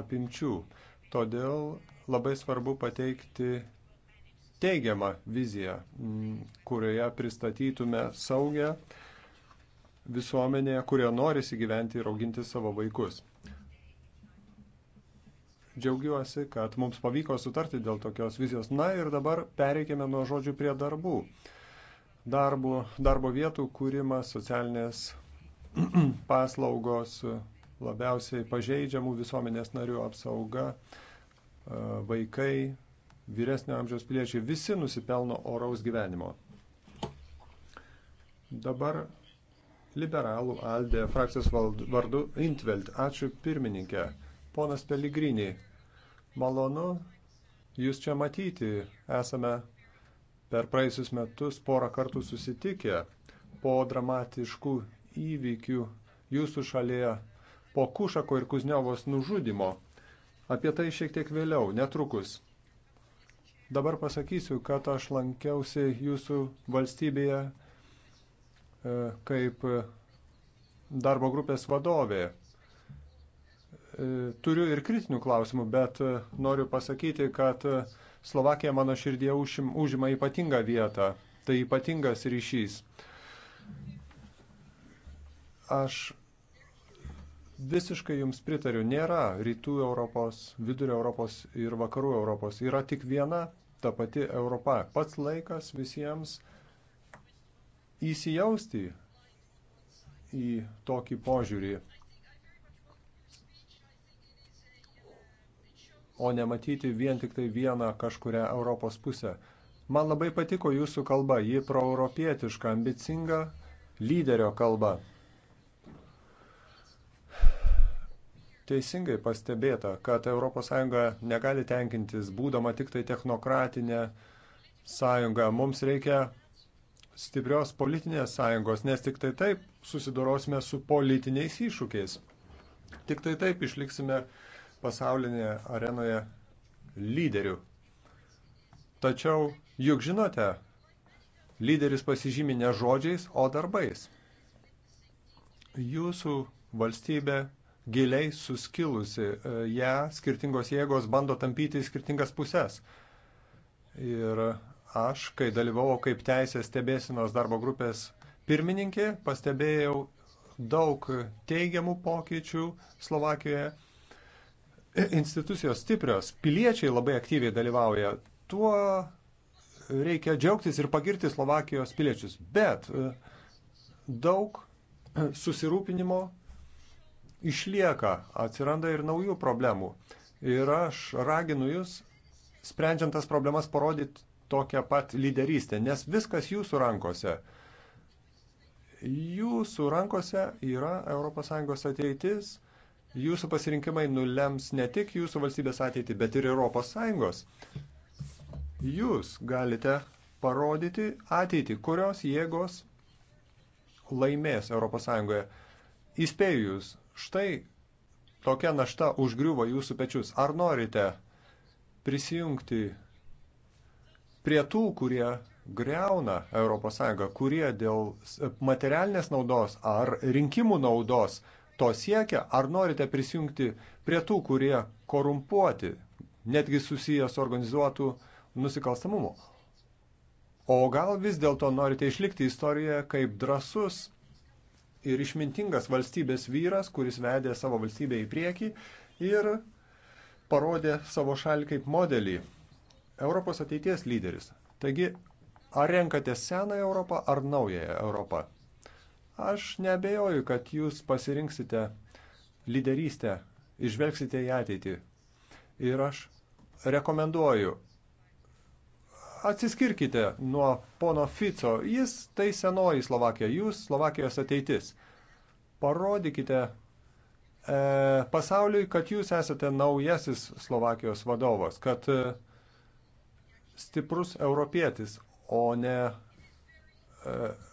apimčių. Todėl labai svarbu pateikti teigiamą viziją, kurioje pristatytume saugę visuomenėje, kurioje norisi gyventi ir auginti savo vaikus. Džiaugiuosi, kad mums pavyko sutarti dėl tokios vizijos. Na ir dabar pereikime nuo žodžių prie darbų. Darbo, darbo vietų kūrimas, socialinės paslaugos, labiausiai pažeidžiamų visuomenės narių apsauga, e, vaikai, vyresnio amžiaus piliečiai, visi nusipelno oraus gyvenimo. Dabar liberalų Aldė frakcijos vardu Intveld. Ačiū pirmininkė. Ponas Peligrinį, malonu jūs čia matyti. Esame per praėjusius metus porą kartų susitikę po dramatiškų įvykių jūsų šalyje po Kušako ir Kuzniovos nužudimo. Apie tai šiek tiek vėliau, netrukus. Dabar pasakysiu, kad aš lankiausi jūsų valstybėje e, kaip e, darbo grupės vadovė. E, turiu ir kritinių klausimų, bet noriu pasakyti, kad Slovakija mano širdie užima ypatingą vietą. Tai ypatingas ryšys. Aš Visiškai jums pritariu, nėra rytų Europos, vidurio Europos ir vakarų Europos. Yra tik viena ta pati Europa. Pats laikas visiems įsijausti į tokį požiūrį, o nematyti vien tik tai vieną kažkuria Europos pusę. Man labai patiko jūsų kalba, ji proeuropietiška, ambicinga lyderio kalba. Teisingai pastebėta, kad ES negali tenkintis būdama tik tai technokratinė sąjunga. Mums reikia stiprios politinės sąjungos, nes tik tai taip susidorosime su politiniais iššūkiais. Tik tai taip išliksime pasaulinėje arenoje lyderių. Tačiau juk žinote, lyderis pasižymi ne žodžiais, o darbais. Jūsų valstybė giliai suskilusi. E, ja skirtingos jėgos bando tampyti į skirtingas puses. Ir aš, kai dalyvavau kaip teisės stebėsinos darbo grupės pirmininkė, pastebėjau daug teigiamų pokyčių Slovakijoje. Institucijos stiprios, piliečiai labai aktyviai dalyvauja. Tuo reikia džiaugtis ir pagirti Slovakijos piliečius. Bet e, daug susirūpinimo išlieka, atsiranda ir naujų problemų. Ir aš raginu jūs, sprendžiant tas problemas, parodyti tokią pat lyderystę, nes viskas jūsų rankose. Jūsų rankose yra ES ateitis, jūsų pasirinkimai nulems ne tik jūsų valstybės ateitį, bet ir ES. Jūs galite parodyti ateitį, kurios jėgos laimės ES. Įspėjus Štai tokia našta užgriuvo jūsų pečius. Ar norite prisijungti prie tų, kurie greuna ES, kurie dėl materialinės naudos ar rinkimų naudos to siekia, ar norite prisijungti prie tų, kurie korumpuoti, netgi susiję su organizuotų nusikalstamumu. O gal vis dėlto norite išlikti istorijoje kaip drasus ir išmintingas valstybės vyras, kuris vedė savo valstybę į priekį ir parodė savo šalį kaip modelį. Europos ateities lyderis. Taigi, ar renkate senąją Europą ar naująją Europą? Aš nebejoju, kad jūs pasirinksite lyderystę, išvelgsite į ateitį. Ir aš rekomenduoju atsiskirkite nuo pono Fico. Jis tai senoji Slovakija, jūs Slovakijos ateitis. Parodykite e, pasauliui, kad jūs esate naujasis Slovakijos vadovas, kad e, stiprus europietis, o ne e,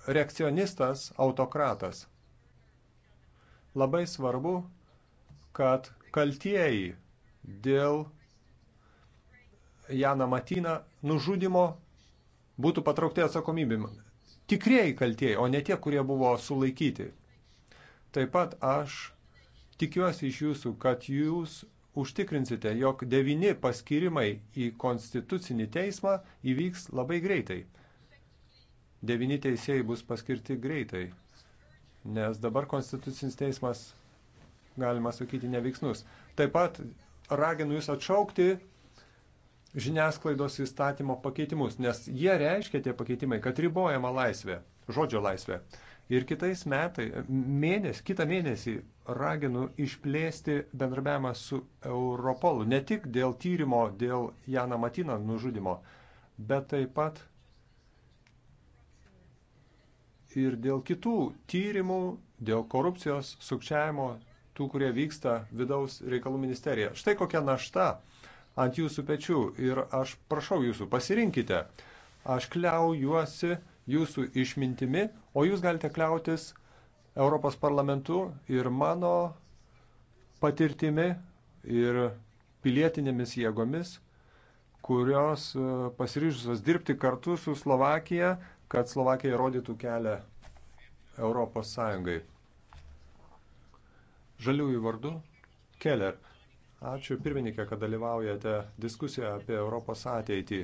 reakcionistas, autokratas. Labai svarbu, kad kaltieji dėl Janą Matyną nužudimo būtų patraukti atsakomybėm. Tikrieji kaltieji, o ne tie, kurie buvo sulaikyti. Taip pat aš tikiuosi iš jūsų, kad jūs užtikrinsite, jog devini paskirimai į konstitucinį teismą įvyks labai greitai. Devini teisėjai bus paskirti greitai, nes dabar konstitucinis teismas, galima sakyti, neveiksnus. Taip pat raginu jūs atšaukti žiniasklaidos įstatymo pakeitimus, nes jie reiškia tie pakeitimai, kad ribojama laisvė, žodžio laisvė. Ir kitais metai, mėnes, kitą mėnesį raginu išplėsti bendrabiavimą su Europolu, ne tik dėl tyrimo, dėl Jana Matina nužudimo, bet taip pat ir dėl kitų tyrimų, dėl korupcijos, sukčiavimo, tų, kurie vyksta vidaus reikalų ministerija. Štai kokia našta ant jūsų pečių ir aš prašau jūsų, pasirinkite. Aš kliaujuosi jūsų išmintimi, o jūs galite kliautis Europos parlamentu ir mano patirtimi ir pilietinėmis jėgomis, kurios e, pasiryžusios dirbti kartu su Slovakija, kad Slovakija rodytų kelią Europos Sąjungai. Žaliųjų vardu Keller. Ačiū pirmininkė, kad dalyvaujate diskusiją apie Europos ateitį.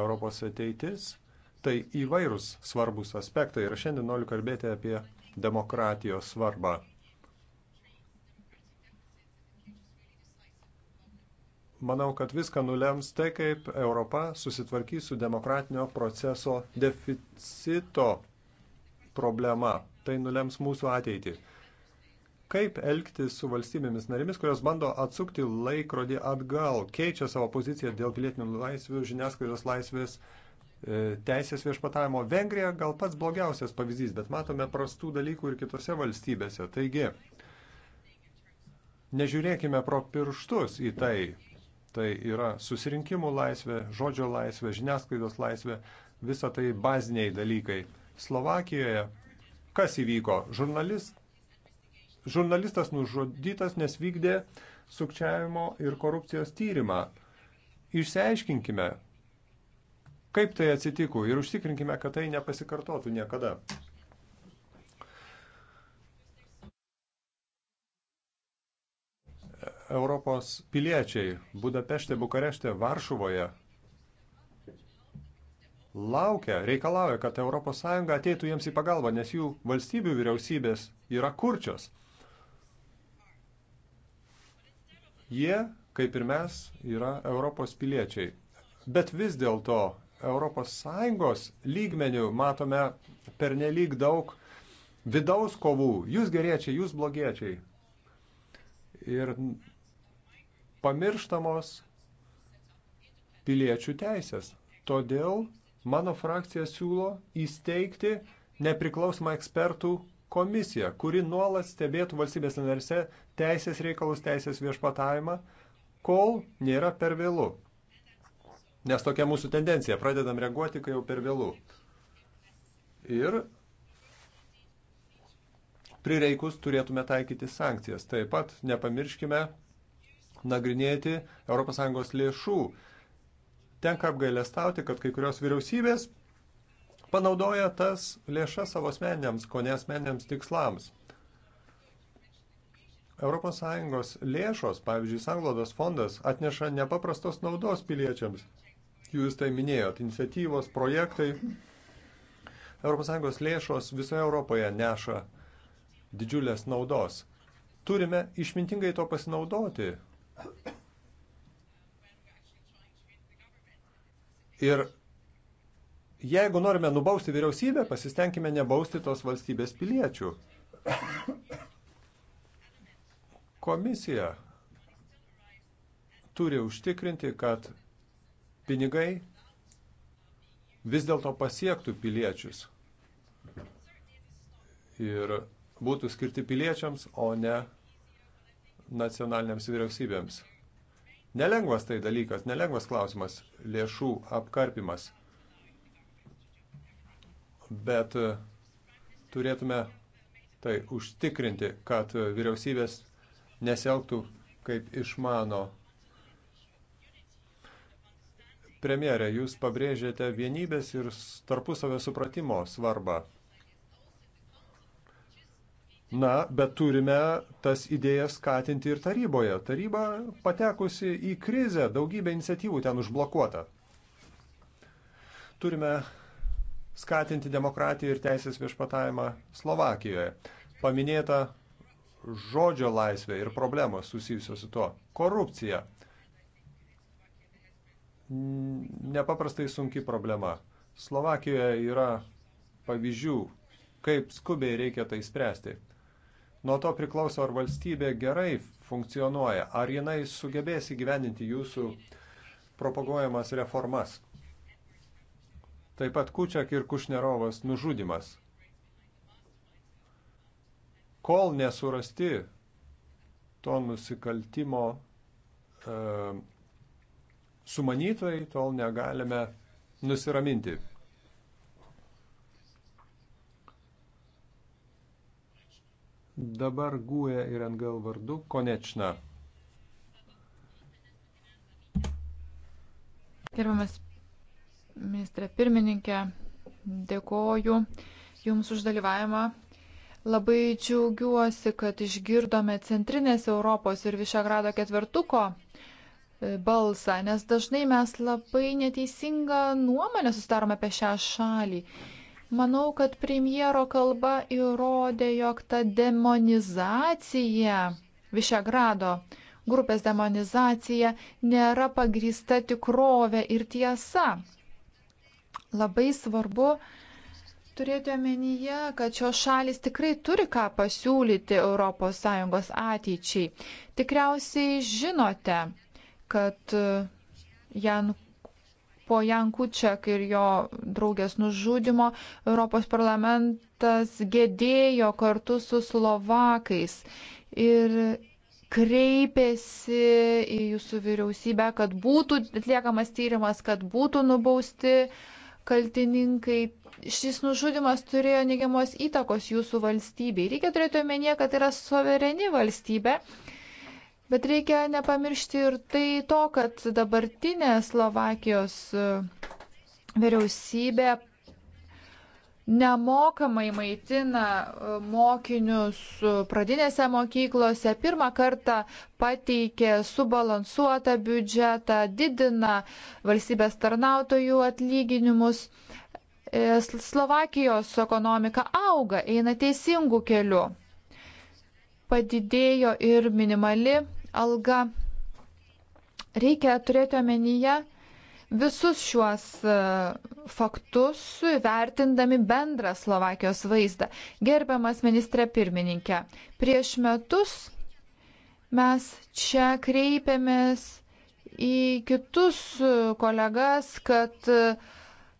Europos ateitis tai įvairūs svarbus aspektai ir šiandien noriu kalbėti apie demokratijos svarbą. Manau, kad viską nulems tai, kaip Europa susitvarkys su demokratinio proceso deficito problema. Tai nulems mūsų ateitį kaip elgtis su valstybėmis narėmis, kurios bando atsukti laikrodį atgal, keičia savo poziciją dėl pilietinių laisvių, žiniasklaidos laisvės, e, teisės viešpatavimo. Vengrija gal pats blogiausias pavyzdys, bet matome prastų dalykų ir kitose valstybėse. Taigi, nežiūrėkime pro pirštus į tai. Tai yra susirinkimų laisvė, žodžio laisvė, žiniasklaidos laisvė, visa tai baziniai dalykai. Slovakijoje kas įvyko? Žurnalist, Žurnalistas nužudytas, nes vykdė sukčiavimo ir korupcijos tyrimą. Išsiaiškinkime, kaip tai atsitiko ir užtikrinkime, kad tai nepasikartotų niekada. Europos piliečiai Budapešte, Bukarešte, Varšuvoje laukia, reikalauja, kad ES ateitų jiems į pagalbą, nes jų valstybių vyriausybės yra kurčios. Jie, kaip ir mes, yra Europos piliečiai. Bet vis dėlto ES lygmenių matome pernelyg daug vidaus kovų. Jūs geriečiai, jūs blogiečiai. Ir pamirštamos piliečių teisės. Todėl mano frakcija siūlo įsteigti nepriklausomą ekspertų komisija, kuri nuolat stebėtų valstybės narse teisės reikalus, teisės viešpatavimą, kol nėra per vėlu. Nes tokia mūsų tendencija, pradedam reaguoti, kai jau per vėlu. Ir prireikus turėtume taikyti sankcijas. Taip pat nepamirškime nagrinėti ES lėšų. Tenka apgailestauti, kad kai kurios vyriausybės panaudoja tas lėšas savo asmeniniams, ko ne asmeniniams tikslams. ES lėšos, pavyzdžiui, Sanglodos fondas, atneša nepaprastos naudos piliečiams. Jūs tai minėjot, iniciatyvos, projektai. ES lėšos visoje Europoje neša didžiulės naudos. Turime išmintingai to pasinaudoti. Ir jeigu norime nubausti vyriausybę, pasistengime nebausti tos valstybės piliečių. Komisija turi užtikrinti, kad pinigai vis dėlto pasiektų piliečius ir būtų skirti piliečiams, o ne nacionaliniams vyriausybėms. Nelengvas tai dalykas, nelengvas klausimas - lėšų apkarpimas – bet e, turėtume tai užtikrinti, kad e, vyriausybės nesielgtų kaip išmano. Premjerė, jūs pabrėžėte vienybės ir tarpusavio supratimo svarbą. Na, bet turime tas idėjas skatinti ir taryboje. Taryba patekusi į krizę, daugybė iniciatyvų ten užblokuota. Turime skatinti demokratiją ir teisės viešpatavimą Slovakijoje. Paminėta žodžio laisvė ir problemos susijusios su tuo. Korupcija. Nepaprastai sunki problema. Slovakijoje yra pavyzdžių, kaip skubiai reikia tai spręsti. Nuo to priklauso, ar valstybė gerai funkcionuoja, ar jinai sugebės įgyveninti jūsų propaguojamas reformas. Taip pat Kučiak ir Kušnerovas nužudimas. Kol nesurasti to nusikaltimo e, sumanytojai, tol negalime nusiraminti. Dabar guoja ir NGL vardu Konečna. Gerbiamas Ministrė pirmininkė, dėkoju Jums už dalyvavimą. Labai džiaugiuosi, kad išgirdome Centrinės Europos ir Višegrado ketvertuko e, balsą, nes dažnai mes labai neteisingą nuomonę sustarome apie šią šalį. Manau, kad premjero kalba įrodė, jog ta demonizacija Višegrado grupės demonizacija nėra pagrįsta tikrovė ir tiesa. Labai svarbu turėti omenyje, kad šios šalis tikrai turi ką pasiūlyti ES ateičiai. Tikriausiai žinote, kad e, Jan, po Jankučiak ir jo draugės nužudimo Europos parlamentas gėdėjo kartu su Slovakais. Ir kreipėsi į jūsų vyriausybę, kad būtų atliekamas tyrimas, kad būtų nubausti uh, kaltininkai. Šis nužudimas turėjo neigiamos įtakos jūsų valstybei. Reikia turėti omenyje, kad yra suvereni valstybė. Bet reikia nepamiršti ir tai to, kad dabartinė Slovakijos e, vyriausybė nemokamai maitina e, mokinius e, pradinėse mokyklose, pirmą kartą pateikė subalansuotą biudžetą, didina valstybės tarnautojų atlyginimus. E, Slovakijos ekonomika auga, eina teisingų kelių. Padidėjo ir minimali alga. Reikia turėti omenyje, visus šiuos e, faktus vertindami bendrą Slovakijos vaizdą. Gerbiamas ministrė pirmininkė, prieš metus mes čia kreipėmės į kitus kolegas, kad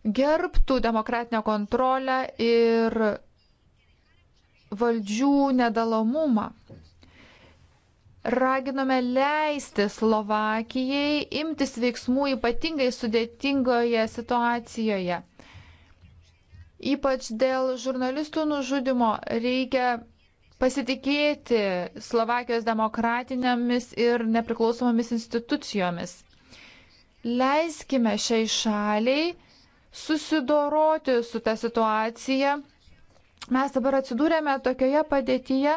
gerbtų demokratinę kontrolę ir valdžių nedalomumą raginome leisti Slovakijai imtis veiksmų ypatingai sudėtingoje situacijoje. Ypač dėl žurnalistų nužudimo reikia pasitikėti Slovakijos demokratinėmis ir nepriklausomomis institucijomis. Leiskime šiai šaliai susidoroti su tą situaciją. Mes dabar atsidūrėme tokioje padėtyje,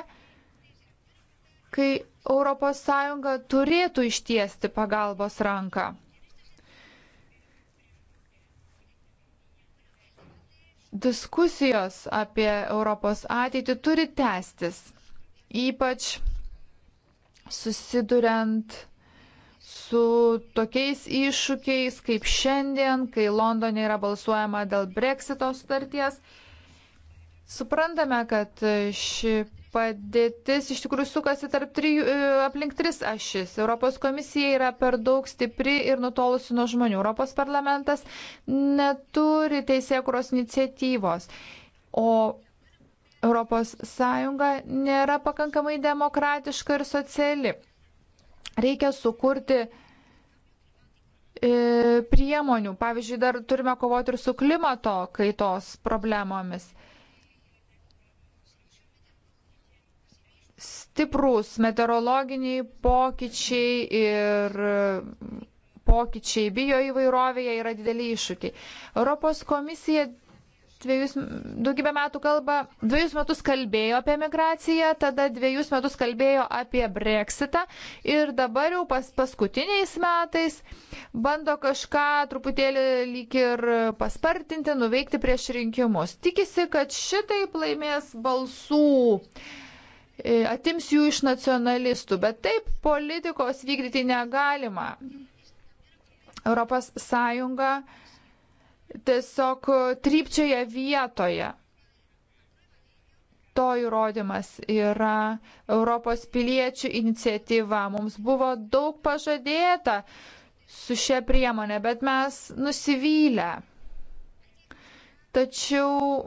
kai ES turėtų ištiesti pagalbos ranką. Diskusijos apie Europos ateitį turi tęstis, ypač susiduriant su tokiais iššūkiais kaip šiandien, kai Londone yra balsuojama dėl Brexito sutarties. Suprantame, kad ši padėtis iš tikrųjų sukasi tarp trijų, e, aplink tris ašis. Europos komisija yra per daug stipri ir nutolusi nuo žmonių. Europos parlamentas neturi teisėkuros iniciatyvos. O Europos Sąjunga nėra pakankamai demokratiška ir sociali. Reikia sukurti e, priemonių. Pavyzdžiui, dar turime kovoti ir su klimato kaitos problemomis. stiprūs meteorologiniai pokyčiai ir pokyčiai bijo įvairovėje yra dideli iššūkiai. Europos komisija dviejus, daugybę metų kalba, dviejus metus kalbėjo apie migraciją, tada dviejus metus kalbėjo apie breksitą ir dabar jau pas, paskutiniais metais bando kažką truputėlį lyg ir paspartinti, nuveikti prieš rinkimus. Tikisi, kad šitaip laimės balsų. Uh, E, atims jų iš nacionalistų, bet taip politikos vykdyti negalima. Europos Sąjunga tiesiog trypčioje vietoje. To įrodymas yra Europos piliečių iniciatyva. Mums buvo daug pažadėta su šia priemonė, bet mes nusivylę. Tačiau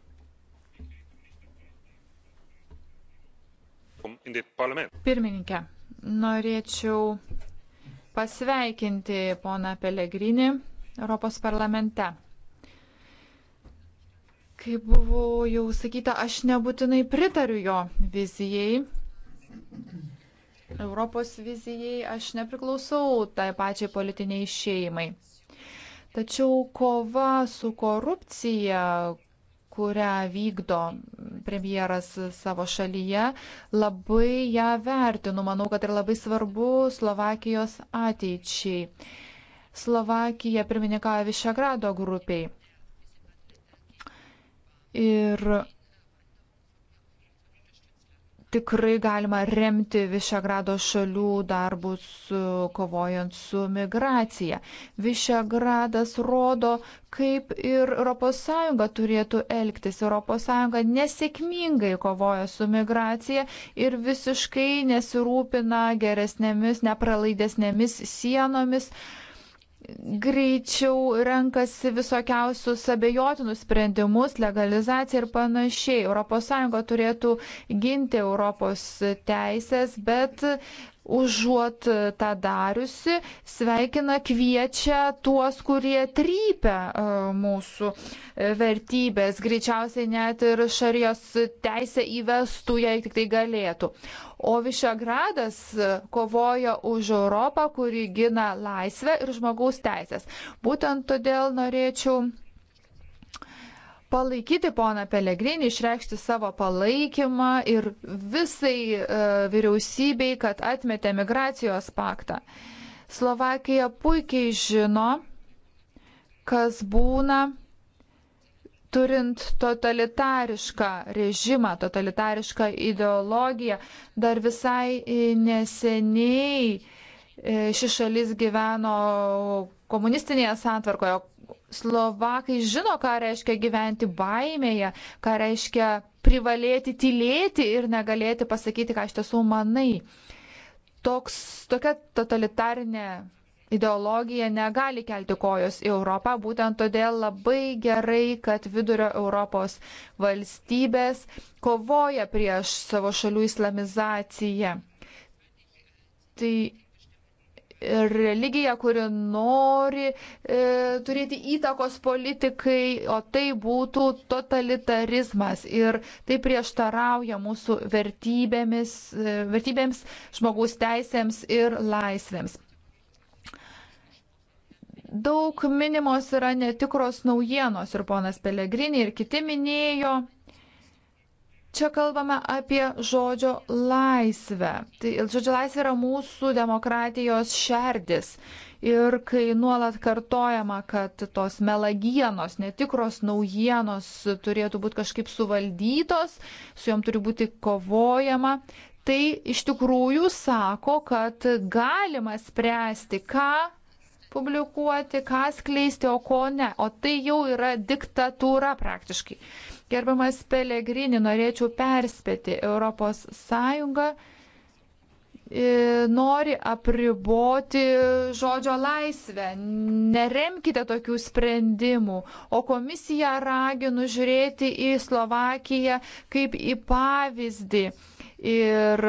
Pirmininkė, norėčiau pasveikinti poną Pelegrinį Europos parlamente. Kaip buvo jau sakyta, aš nebūtinai pritariu jo vizijai. Europos vizijai aš nepriklausau tai pačiai politiniai šeimai. Tačiau kova su korupcija, kurią vykdo premjeras savo šalyje, labai ją vertinu. Manau, kad ir tai labai svarbu Slovakijos ateičiai. Slovakija pirmininkavo Višegrado grupiai. Ir tikrai galima remti Višegrado šalių darbus e, kovojant su migracija. Višegradas rodo, kaip ir ES turėtų elgtis. ES nesėkmingai kovoja su migracija ir visiškai nesirūpina geresnėmis, nepralaidesnėmis sienomis. Uh, greičiau renkasi visokiausius abejotinus sprendimus, legalizaciją ir panašiai. ES turėtų ginti Europos teisės, bet užuot e, tą dariusi, sveikina, kviečia tuos, kurie trypia e, mūsų e, vertybės, greičiausiai net ir šarijos teisę įvestų, jei tik tai galėtų. O Višegradas kovoja už Europą, kuri gina laisvę ir žmogaus teisės. Būtent todėl norėčiau palaikyti poną Pelegrinį, išreikšti savo palaikymą ir visai e, vyriausybei, kad atmetė migracijos paktą. Slovakija puikiai žino, kas būna turint totalitarišką režimą, totalitarišką ideologiją. Dar visai e, neseniai e, ši šalis gyveno komunistinėje santvarkoje, Slovakai žino, ką reiškia gyventi baimėje, ką reiškia privalėti tylėti ir negalėti pasakyti, ką iš tiesų manai. Toks, tokia totalitarinė ideologija negali kelti kojos į Europą, būtent todėl labai gerai, kad vidurio Europos valstybės kovoja prieš savo šalių islamizaciją. Tai religija, kuri nori e, turėti įtakos politikai, o tai būtų totalitarizmas. Ir tai prieštarauja mūsų vertybėmis, e, vertybėms, žmogaus teisėms ir laisvėms. Daug minimos yra netikros naujienos ir ponas Pelegrini ir kiti minėjo Čia kalbame apie žodžio laisvę. Tai žodžio laisvė yra mūsų demokratijos šerdis. Ir kai nuolat kartojama, kad tos melagienos, netikros naujienos turėtų būti kažkaip suvaldytos, su jom turi būti kovojama, tai iš tikrųjų sako, kad galima spręsti, ką publikuoti, ką skleisti, o ko ne. O tai jau yra diktatūra praktiškai. Gerbiamas Pelegrini, norėčiau perspėti Europos Sąjungą e, nori apriboti žodžio laisvę. Neremkite tokių sprendimų. O komisiją raginu žiūrėti į Slovakiją kaip į pavyzdį. Ir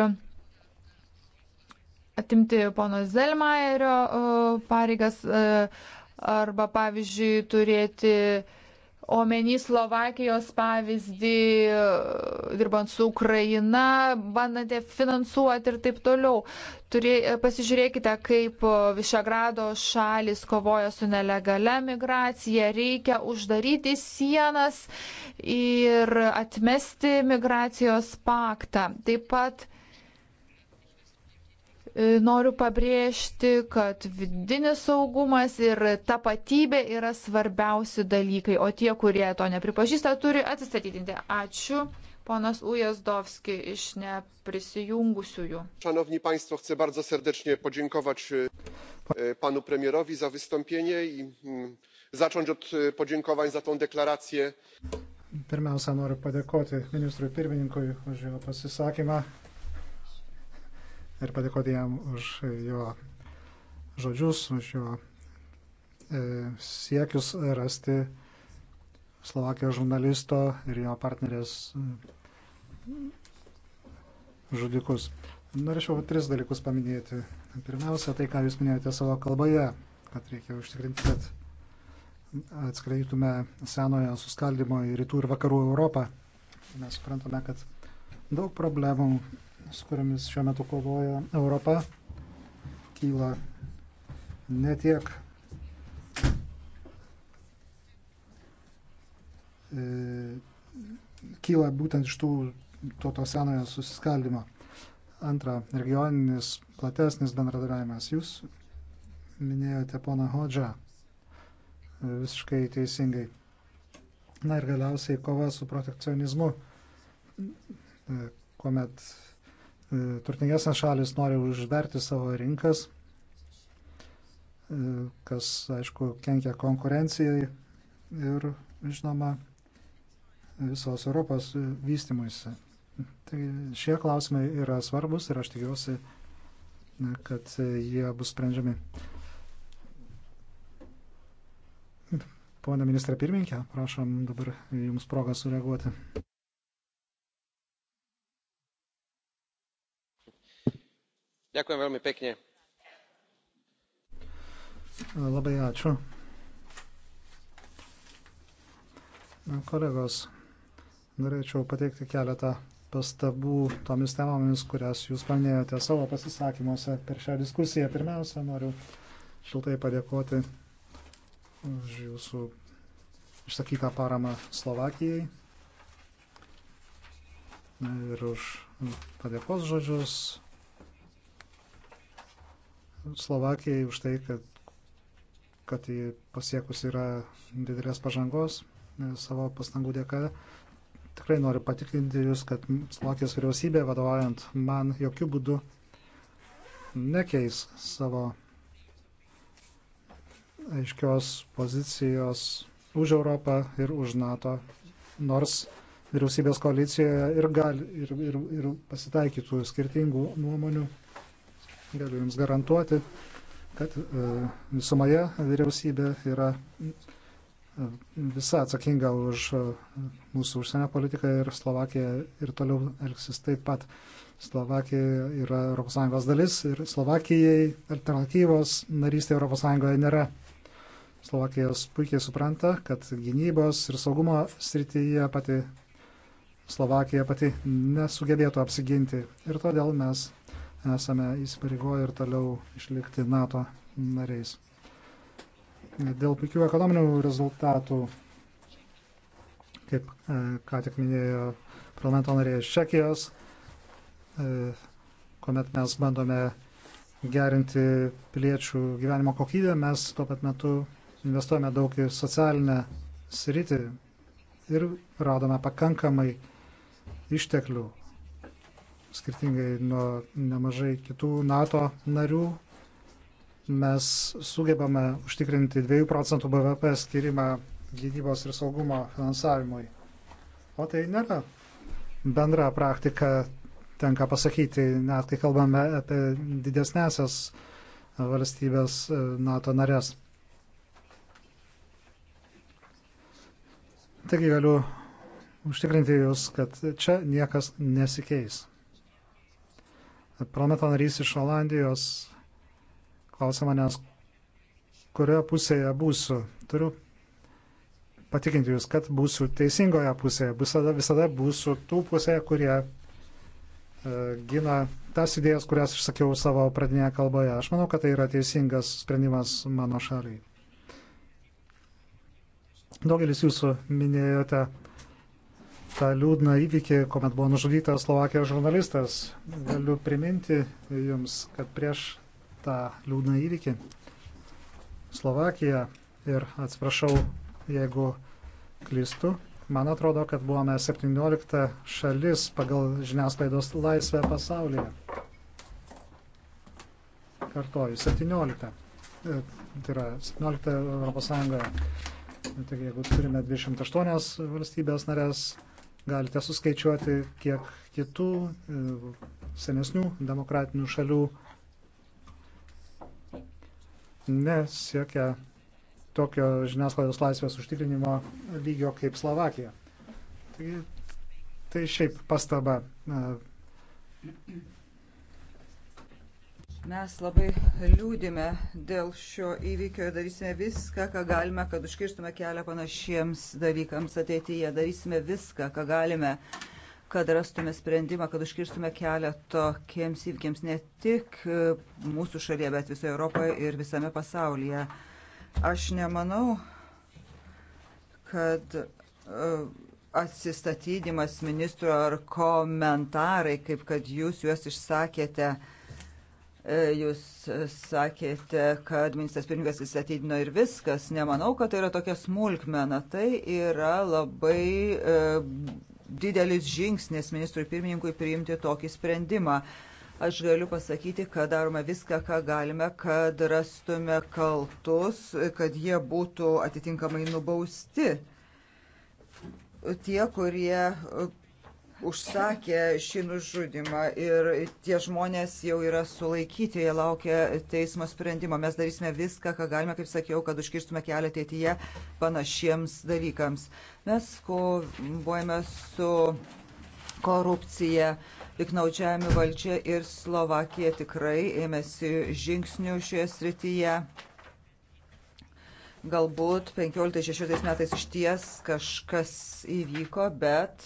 atimti pono Zelmaerio e, pareigas e, arba, pavyzdžiui, turėti omeny Slovakijos pavyzdį, dirbant su Ukraina, bandant finansuoti ir taip toliau. Turė, e, pasižiūrėkite, kaip e, Višegrado šalis kovoja su nelegale migracija, reikia uždaryti sienas ir atmesti migracijos paktą. Taip pat E, noriu pabrėžti, kad vidinis saugumas ir tapatybė yra svarbiausi dalykai, o tie, kurie to nepripažįsta, turi atsistatydinti. Ačiū. Ponas Ujazdowski iš neprisijungusiųjų. Szanowni Państwo, chcę bardzo serdecznie podziękować e, panu premierowi za wystąpienie i mm, zacząć od e, podziękowań za tą deklarację. Pirmiausia, noriu padėkoti ministrui pirmininkui už jo pasisakymą ir padėkoti jam už jo žodžius, už jo e, siekius rasti Slovakijos žurnalisto ir jo partnerės mm, žudikus. Norėčiau tris dalykus paminėti. Pirmiausia, tai, ką jūs minėjote savo kalboje, kad reikia užtikrinti, kad atskraidytume senojo suskaldimo į rytų ir vakarų Europą. Mes suprantame, kad daug problemų su kuriamis šiuo metu kovoja Europa, kyla ne tiek e, kyla būtent iš tų to, to senojo susiskaldimo. Antra, regioninis platesnis bendradarbiavimas. Jūs minėjote poną Hodžą visiškai teisingai. Na ir galiausiai kova su protekcionizmu, e, kuomet E, turtingesnės šalis nori užverti savo rinkas, e, kas, aišku, kenkia konkurencijai ir, žinoma, visos Europos vystimuisi. Tai šie klausimai yra svarbus ir aš tikiuosi, kad jie bus sprendžiami. Pone ministrė pirmininkė, prašom dabar jums progą sureaguoti. Ďakujem veľmi pekne. Labai ačiū. Kolegos, norėčiau pateikti keletą pastabų tomis temomis, kurias jūs paminėjote savo pasisakymuose per šią diskusiją. Pirmiausia, noriu šiltai padėkoti už jūsų išsakytą paramą Slovakijai ir už padėkos žodžius Slovakijai už tai, kad, kad jį pasiekus yra didelės pažangos e, savo pastangų dėka. Tikrai noriu patikinti Jūs, kad Slovakijos vyriausybė vadovaujant man jokių būdų nekeis savo aiškios pozicijos už Europą ir už NATO, nors vyriausybės koalicijoje ir, gal, ir, ir, ir pasitaikytų skirtingų nuomonių Galiu Jums garantuoti, kad e, visumoje vyriausybė yra visa atsakinga už e, mūsų užsienio politiką ir Slovakija ir toliau elgsis taip pat. Slovakija yra ES dalis ir Slovakijai alternatyvos narystė ES nėra. Slovakijos puikiai supranta, kad gynybos ir saugumo srityje pati Slovakija pati nesugebėtų apsiginti. Ir todėl mes esame įsipareigoję ir toliau išlikti NATO nariais. Dėl puikių ekonominių rezultatų, kaip e, ką tik minėjo parlamento narė iš Čekijos, e, kuomet mes bandome gerinti piliečių gyvenimo kokybę, mes tuo pat metu investuojame daug į socialinę sritį ir radome pakankamai išteklių skirtingai nuo nemažai kitų NATO narių, mes sugebame užtikrinti 2 procentų BVP skirimą gynybos ir saugumo finansavimui. O tai nėra bendra praktika, tenka pasakyti, net kai kalbame apie didesnėsias valstybės e, NATO narės. Taigi galiu užtikrinti Jūs, kad čia niekas nesikeis. Parlamento narys iš Olandijos klausė manęs, kurioje pusėje būsiu. Turiu patikinti Jūs, kad būsiu teisingoje pusėje. Visada, visada būsiu tų pusėje, kurie e, gina tas idėjas, kurias išsakiau savo pradinėje kalboje. Aš manau, kad tai yra teisingas sprendimas mano šaliai. Daugelis Jūsų minėjote tą liūdną įvykį, kuomet buvo nužudytas Slovakijos žurnalistas. Galiu priminti Jums, kad prieš tą liūdną įvykį Slovakija ir atsiprašau, jeigu klystu, man atrodo, kad buvome 17 šalis pagal žiniasklaidos laisvę pasaulyje. Kartoju, 17. E, tai yra 17 Europos Sąjungoje. Taigi, jeigu turime 28 valstybės narės, Galite suskaičiuoti, kiek kitų e, senesnių demokratinių šalių nesiekia tokio žiniasklaidos laisvės užtikrinimo lygio kaip Slovakija. Taigi, tai šiaip pastaba. E, Mes labai liūdime dėl šio įvykio ir darysime viską, ką galime, kad užkirstume kelią panašiems dalykams ateityje. Darysime viską, ką galime, kad rastume sprendimą, kad užkirstume kelią tokiems įvykiams ne tik mūsų šalyje, bet visoje Europoje ir visame pasaulyje. Aš nemanau, kad e, atsistatydimas ministro ar komentarai, kaip kad jūs juos išsakėte, uh, E, jūs sakėte, kad ministras pirmininkas įstatydino ir viskas. Nemanau, kad tai yra tokia smulkmena. Tai yra labai e, didelis žingsnis ministrui pirmininkui priimti tokį sprendimą. Aš galiu pasakyti, kad darome viską, ką galime, kad rastume kaltus, kad jie būtų atitinkamai nubausti. Tie, kurie užsakė šį nužudimą ir tie žmonės jau yra sulaikyti, jie laukia teismo sprendimo. Mes darysime viską, ką galime, kaip sakiau, kad užkirstume kelią ateityje panašiems dalykams. Mes kovojame su korupcija, piknaudžiavimi valdžia ir Slovakija tikrai ėmėsi žingsnių šioje srityje galbūt 15-16 metais iš ties kažkas įvyko, bet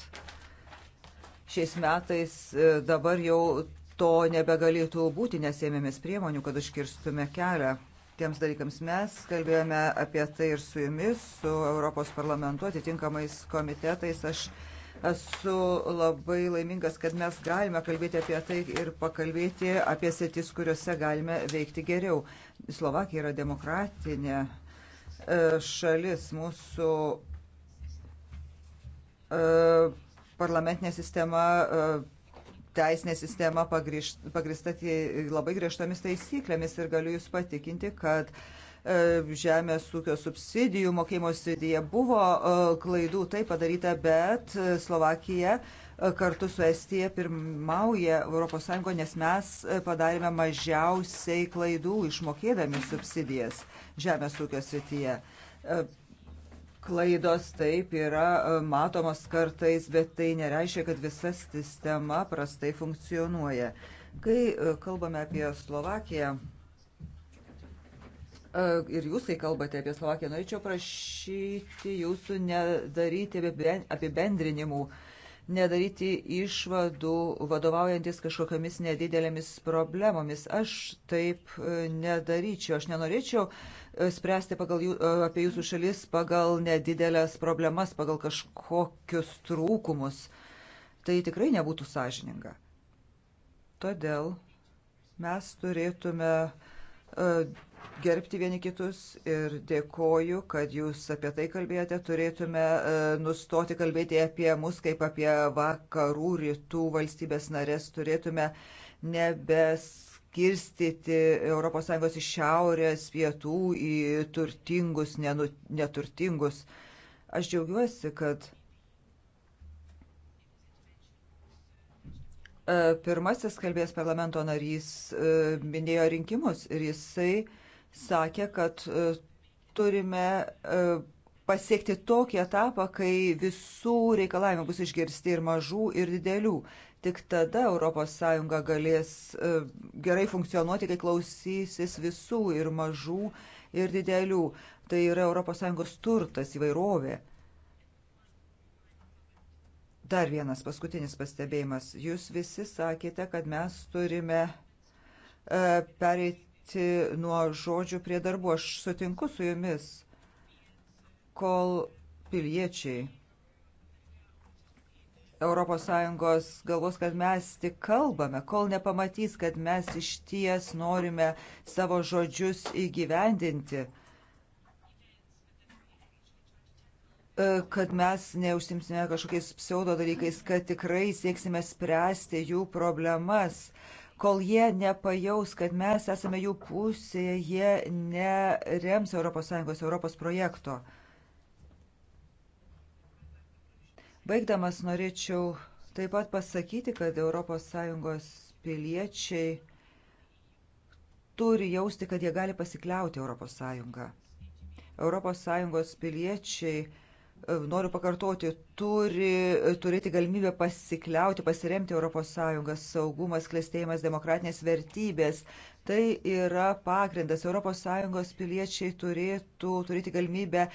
šiais metais e, dabar jau to nebegalėtų būti, nes ėmėmės priemonių, kad užkirstume kelią tiems dalykams. Mes kalbėjome apie tai ir su jumis, su Europos parlamentu, atitinkamais komitetais. Aš esu labai laimingas, kad mes galime kalbėti apie tai ir pakalbėti apie sėtis, kuriuose galime veikti geriau. Slovakija yra demokratinė e, šalis mūsų. Uh, parlamentinė sistema, e, teisinė sistema pagrįsta labai griežtomis taisyklėmis ir galiu Jūs patikinti, kad e, žemės ūkio subsidijų mokėjimo srityje buvo e, klaidų, tai padaryta, bet Slovakija kartu su Estija pirmauja ES, nes mes padarėme mažiausiai klaidų išmokėdami subsidijas žemės ūkio srityje klaidos taip yra e, matomos kartais, bet tai nereiškia, kad visa sistema prastai funkcionuoja. Kai e, kalbame apie Slovakiją e, ir jūs, kai kalbate apie Slovakiją, norėčiau prašyti jūsų nedaryti apibendrinimų, nedaryti išvadų vadovaujantis kažkokiamis nedidelėmis problemomis. Aš taip nedaryčiau, aš nenorėčiau spręsti pagal jų, e, apie jūsų šalis pagal nedidelės problemas, pagal kažkokius trūkumus. Tai tikrai nebūtų sąžininga. Todėl mes turėtume e, gerbti vieni kitus ir dėkoju, kad jūs apie tai kalbėjote. Turėtume e, nustoti kalbėti apie mus kaip apie vakarų rytų valstybės narės. Turėtume nebes skirstyti ES iš šiaurės, pietų į turtingus, nenu, neturtingus. Aš džiaugiuosi, kad e, pirmasis kalbės parlamento narys e, minėjo rinkimus ir jisai sakė, kad e, turime pasiekti tokį etapą, kai visų reikalavimų bus išgirsti ir mažų, ir didelių. Tik tada ES galės e, gerai funkcionuoti, kai klausysis visų ir mažų, ir didelių. Tai yra ES turtas įvairovė. Dar vienas paskutinis pastebėjimas. Jūs visi sakėte, kad mes turime e, pereiti nuo žodžių prie darbų. Aš sutinku su jumis, kol piliečiai ES galvos, kad mes tik kalbame, kol nepamatys, kad mes iš ties norime savo žodžius įgyvendinti, e, kad mes neužsimsime kažkokiais pseudo dalykais, kad tikrai sieksime spręsti jų problemas kol jie nepajaus, kad mes esame jų pusėje, jie nerems ES, Europos projekto. Baigdamas norėčiau taip pat pasakyti, kad ES piliečiai turi jausti, kad jie gali pasikliauti ES. ES piliečiai, noriu pakartoti, turi turėti galimybę pasikliauti, pasiremti ES saugumas, klėstėjimas, demokratinės vertybės. Tai yra pagrindas. ES piliečiai turėtų turėti galimybę e,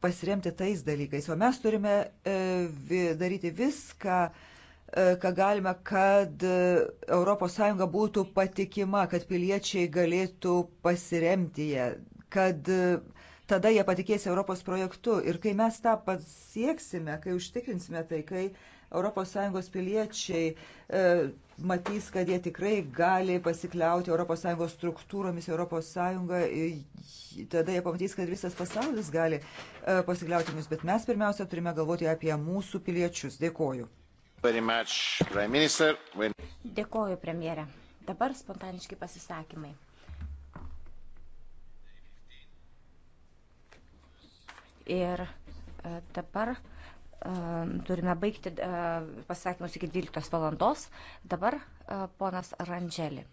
pasiremti tais dalykais. O mes turime e, daryti viską, e, ką galime, kad ES būtų patikima, kad piliečiai galėtų pasiremti ją, kad e, tada jie patikės Europos projektu. Ir kai mes tą pasieksime, kai užtikrinsime tai, kai ES piliečiai e, matys, kad jie tikrai gali pasikliauti ES struktūromis, ES, tada jie pamatys, kad visas pasaulis gali e, pasikliauti mumis, bet mes pirmiausia turime galvoti apie mūsų piliečius. Dėkoju. Much, Prime When... Dėkoju, premjerė. Dabar spontaniški pasisakymai. Ir e, dabar turime baigti e, pasakymus iki 12 valandos. Dabar e, ponas Randželį.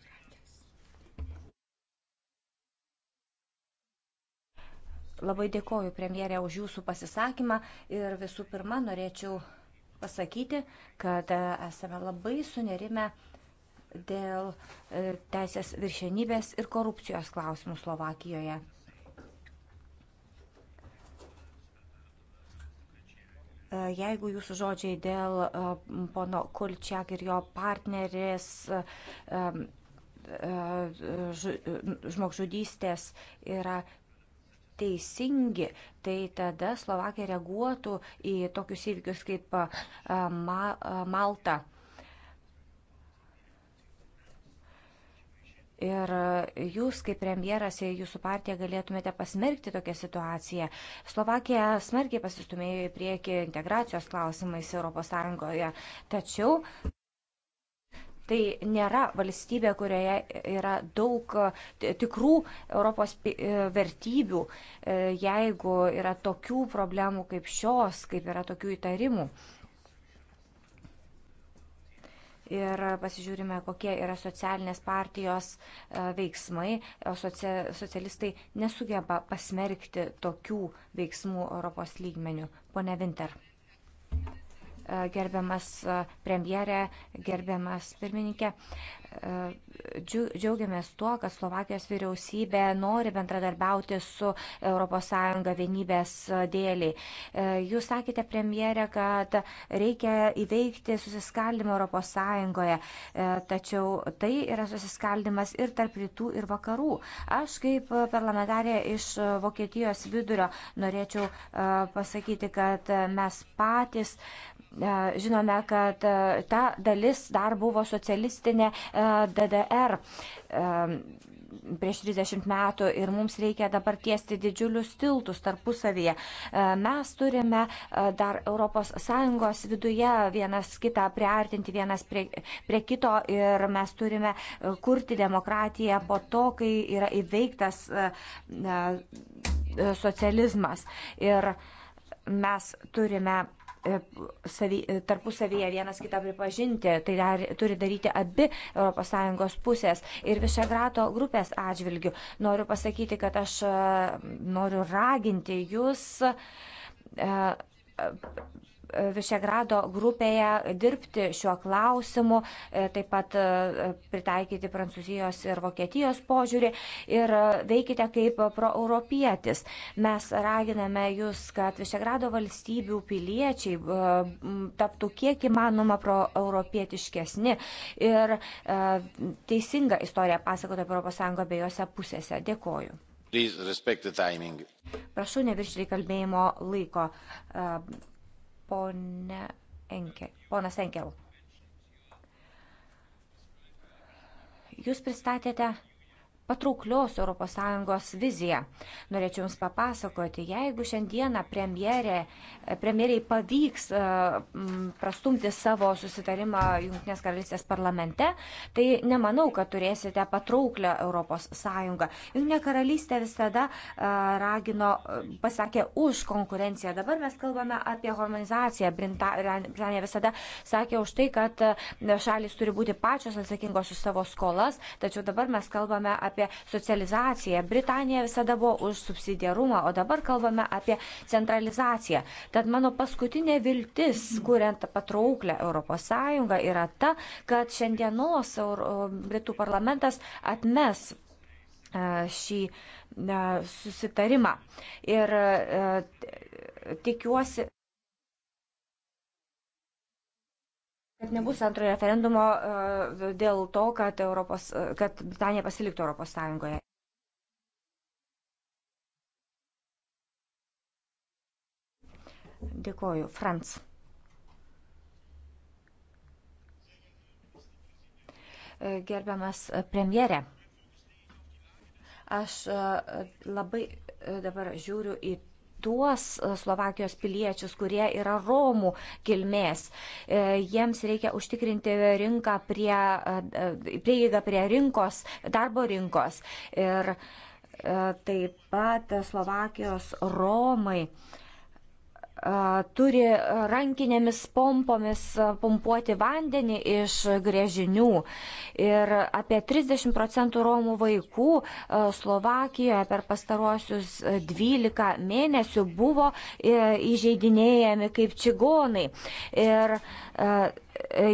Labai dėkoju premjerė už jūsų pasisakymą ir visų pirma norėčiau pasakyti, kad e, esame labai sunerime dėl teisės viršenybės ir korupcijos klausimų Slovakijoje. E, jeigu jūsų žodžiai dėl e, pono Kulčiak ir jo partnerės e, žmogžudystės yra teisingi, tai tada Slovakija reaguotų į tokius įvykius kaip Malta. Ir jūs, kaip premjeras, ir jūsų partija galėtumėte pasmerkti tokią situaciją. Slovakija smarkiai pasistumėjo į priekį integracijos klausimais ES, tačiau tai nėra valstybė, kurioje yra daug tikrų Europos e, vertybių, e, jeigu yra tokių problemų kaip šios, kaip yra tokių įtarimų ir pasižiūrime, kokie yra socialinės partijos e, veiksmai. O socialistai nesugeba pasmerkti tokių veiksmų Europos lygmenių. Pone Vinter. E, gerbiamas e, premjerė, gerbiamas pirmininkė, džiaugiamės tuo, kad Slovakijos vyriausybė nori bendradarbiauti su ES vienybės dėliai. E, jūs sakėte, premjerė, kad reikia įveikti susiskaldimą ES, e, tačiau tai yra susiskaldimas ir tarp rytų ir vakarų. Aš kaip parlamentarė iš Vokietijos vidurio norėčiau e, pasakyti, kad mes patys žinome, kad ta dalis dar buvo socialistinė DDR prieš 30 metų ir mums reikia dabar tiesti didžiulius tiltus tarpusavyje. Mes turime e, dar ES viduje vienas kitą priartinti vienas prie, prie kito ir mes turime e, kurti demokratiją po to, kai yra įveiktas e, socializmas. Ir mes turime E, savy, e, tarpusavyje vienas kitą pripažinti. Tai dar, turi daryti abi ES pusės ir Višegrato grupės atžvilgių. Noriu pasakyti, kad aš e, noriu raginti jūs Višegrado grupėje dirbti šiuo klausimu, e, taip pat e, pritaikyti Prancūzijos ir Vokietijos požiūrį ir veikite kaip proeuropietis. Mes raginame jūs, kad Višegrado valstybių piliečiai e, taptų kiek įmanoma proeuropietiškesni ir teisinga istorija pasakota apie ES abiejose pusėse. Dėkoju. Prašau neviršyti kalbėjimo laiko. Uh, Pone Enkel, ponas Enkel. Jūs pristatėte patrauklios ES viziją. Norėčiau Jums papasakoti, jeigu šiandieną premjerė, premjeriai pavyks e, prastumti savo susitarimą Junktinės karalystės parlamente, tai nemanau, kad turėsite patrauklią ES. Junktinė karalystė visada e, ragino, e, pasakė už konkurenciją. Dabar mes kalbame apie harmonizaciją. Britanija visada sakė už tai, kad šalis turi būti pačios atsakingos už savo skolas, tačiau dabar mes kalbame apie apie socializaciją. Britanija visada buvo už subsidiarumą, o dabar kalbame apie centralizaciją. Tad mano paskutinė viltis, kuriant patrauklę ES, yra ta, kad šiandienos Britų parlamentas atmes e, šį e, susitarimą. Ir e, tikiuosi. Kad nebus antrojo referendumo e, dėl to, kad, Europos, e, kad Britanija pasiliktų Europos Sąjungoje. Dėkoju. Franc. E, gerbiamas premjerė, aš labai dabar žiūriu į tuos e, Slovakijos piliečius, kurie yra Romų kilmės. E, jiems reikia užtikrinti rinką prie, e, prieigą prie rinkos, darbo rinkos. Ir taip pat Slovakijos Romai. Uh, turi rankinėmis pompomis pumpuoti vandenį iš grėžinių. Ir apie 30 procentų Romų vaikų Slovakijoje per pastaruosius 12 mėnesių buvo e, įžeidinėjami kaip čigonai. Ir